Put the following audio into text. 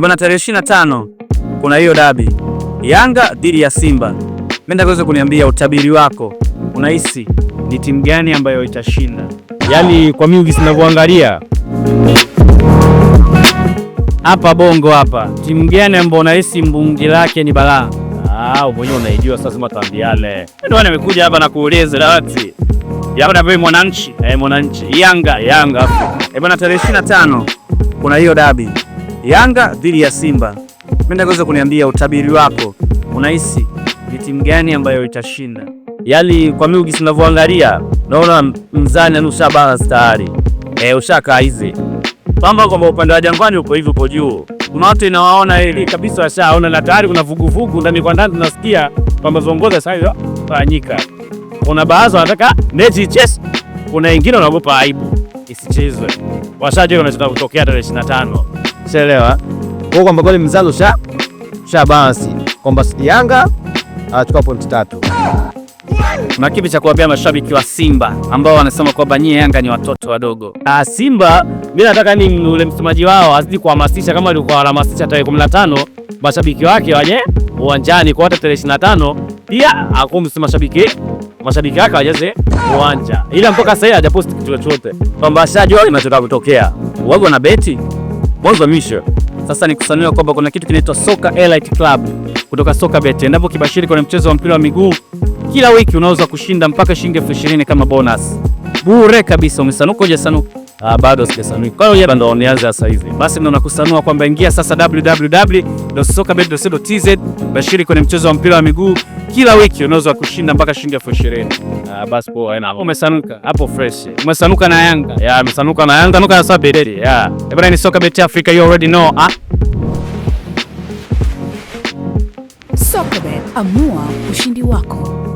Bwana, tarehe 25 kuna hiyo dabi Yanga dhidi ya Simba. Menda kuweza kuniambia utabiri wako, unahisi ni timu gani ambayo itashinda? Yaani kwa mimi ukisinavyoangalia hapa bongo hapa, timu gani ambayo unahisi mbungi lake ni balaa? Ah, mwenyewe unaijua sasa, sema tuambiane. Ndio wana mekuja hapa na kuuliza dawati Yapo na yaanape mwananchi, eh, mwananchi Yanga Yanga. Eh bwana, tarehe 25 kuna hiyo dabi Yanga dhidi ya Simba, mimi naweza kuniambia utabiri wako, unahisi ni timu gani ambayo itashinda? Yaani kwa mimi ukisinavyoangalia naona mzani anusha balance stari. eh, ushaka hizi. pamba kwamba upande wa Jangwani upo hivi upo juu, kuna watu inawaona hili kabisa, washaona na tayari kuna vuguvugu ndani kwa ndani, tunasikia kwamba viongozi sasa fanyika, kuna baadhi wanataka mechi ichezwe, kuna wengine wanaogopa aibu isichezwe, Washaje wanachotaka kutokea tarehe 25. Ushaelewa? Kwa kwamba goli mzalo sha sha basi kwamba Yanga anachukua pointi tatu. Na kipi cha kuwaambia mashabiki wa Simba ambao wanasema kwamba nyie Yanga ni watoto wadogo. Ah, Simba mimi nataka ni ule msemaji wao azidi kuhamasisha kama alikuwa anahamasisha tarehe 15 mashabiki wake waje uwanjani kwa hata tarehe 25 pia akumsi mashabiki mashabiki wake wajaze uwanja, ila mpaka sasa hajaposti kitu chochote kwamba sasa jua linachotaka kutokea. Wao wana beti Mwanzo misho. Sasa nikusanua kwamba kuna kitu kinaitwa Soka Elite Club kutoka Soka Bet. Endapo kibashiri kwenye mchezo wa mpira wa miguu kila wiki unaweza kushinda mpaka shilingi elfu ishirini kama bonus. Bure kabisa umesanuka hujasanuka. Ah, bado sijasanuka. Kwa hiyo ndo nianze sasa hivi. Basi ndo nakusanua kwamba ingia sasa www.sokabet.co.tz bashiri kwenye mchezo wa mpira wa miguu kila wiki unaweza kushinda mpaka shilingi elfu ishirini. Ah, basi poa, hapo umesanuka hapo fresh, umesanuka na Yanga ya umesanuka na Yanga, nuka na sabi dedi ya ebana, ni soka Bet Africa, you already know ah Bet, amua ushindi wako.